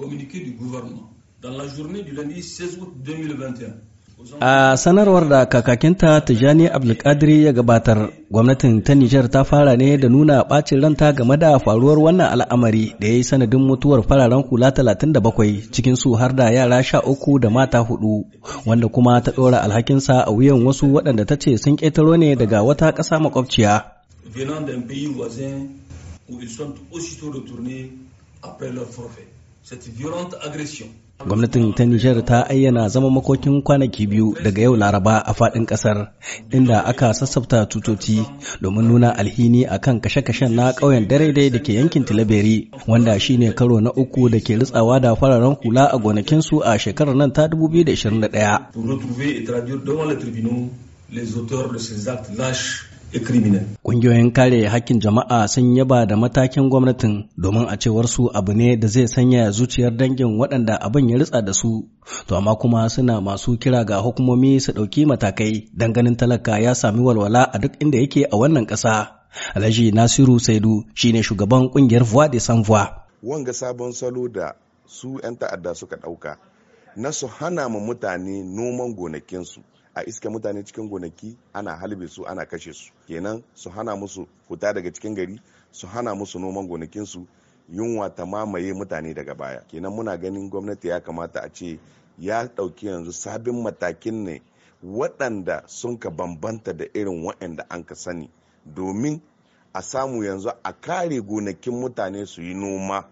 communiqué du gouvernement dans la journée du lundi 16 août 2021. A sanarwar da kakakinta Tijani Abdulkadiri ya gabatar, gwamnatin ta Nijar ta fara ne da nuna ɓacin ranta game da faruwar wannan al'amari da ya yi sanadin mutuwar fararen kula 37 cikin su har da yara 13 da mata hudu, wanda kuma ta ɗora alhakinsa a wuyan wasu waɗanda ta ce sun ƙetaro ne daga wata ƙasa makwabciya. Venant d'un pays voisin où ils sont aussitôt retournés après leur forfait. Gwamnatin ta Nijar ta ayyana zama makokin kwanaki biyu daga yau Laraba a faɗin ƙasar, inda aka sassafta tutoti domin nuna alhini a kan kashe-kashen na ƙauyen dai da ke yankin Tilaberi, wanda shi ne karo na uku da ke ritsawa da fararen hula a gonakinsu a shekarar nan ta 2021. Ƙungiyoyin kare hakkin jama'a sun yaba da matakin gwamnatin domin a cewar su abu ne da zai sanya zuciyar dangin waɗanda abin ya ritsa da su. To amma kuma suna masu kira ga hukumomi su ɗauki matakai don ganin talaka ya sami walwala a duk inda yake a wannan ƙasa. Alhaji Nasiru Saidu shine shugaban ƙungiyar Voix de san Wanga sabon salo da su 'yan ta'adda suka ɗauka na su hana ma mutane noman gonakinsu. a iska mutane cikin gonaki ana halbe su ana kashe su kenan su hana musu fita daga cikin gari su hana musu noman gonakinsu yunwa ta mamaye mutane daga baya kenan muna ganin gwamnati ya kamata a ce ya ɗauki yanzu sabin matakin ne waɗanda sun ka bambanta da irin waɗanda an ka sani domin a samu yanzu a kare gonakin mutane su yi noma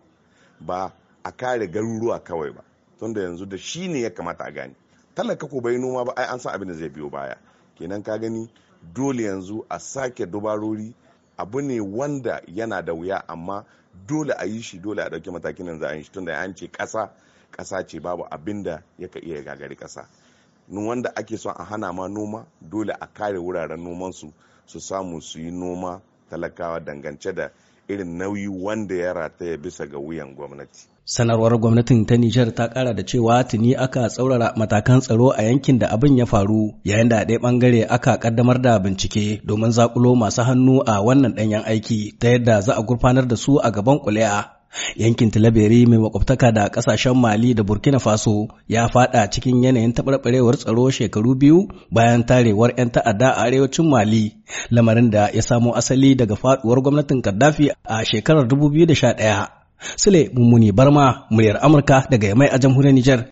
ba a kare garuruwa kawai ba tunda yanzu da shi ne ya kamata a gane talaka ko bai noma ba ai an san abin da zai biyo baya kenan ka gani dole yanzu a sake dubarori abu ne wanda yana da wuya amma dole a yi shi dole a ɗauki matakin nan za a yi shi tunda an ce ƙasa ƙasa ce babu abin da yaka iya gagari ƙasa wanda ake son a hana ma noma dole a kare wuraren nomansu su samu su yi noma talakawa dangance da irin nauyi wanda ya rataya bisa ga wuyan gwamnati. Sanarwar gwamnatin ta Nijar ta kara da cewa tuni aka tsaurara matakan tsaro a yankin da abin ya faru yayin da a ɗaya ɓangare aka kaddamar da bincike domin zakulo masu hannu a wannan ɗanyen aiki ta yadda za a gurfanar da su a gaban kuli'a yankin tilaberi mai makwabtaka da kasashen mali da burkina faso ya fada cikin yanayin taɓarɓarewar tsaro shekaru biyu bayan tarewar 'yan ta'adda a arewacin mali lamarin da ya samo asali daga faduwar gwamnatin kaddafi a shekarar 2011 sule mummuni barma muryar amurka daga yamai a jamhuriyar Nijar.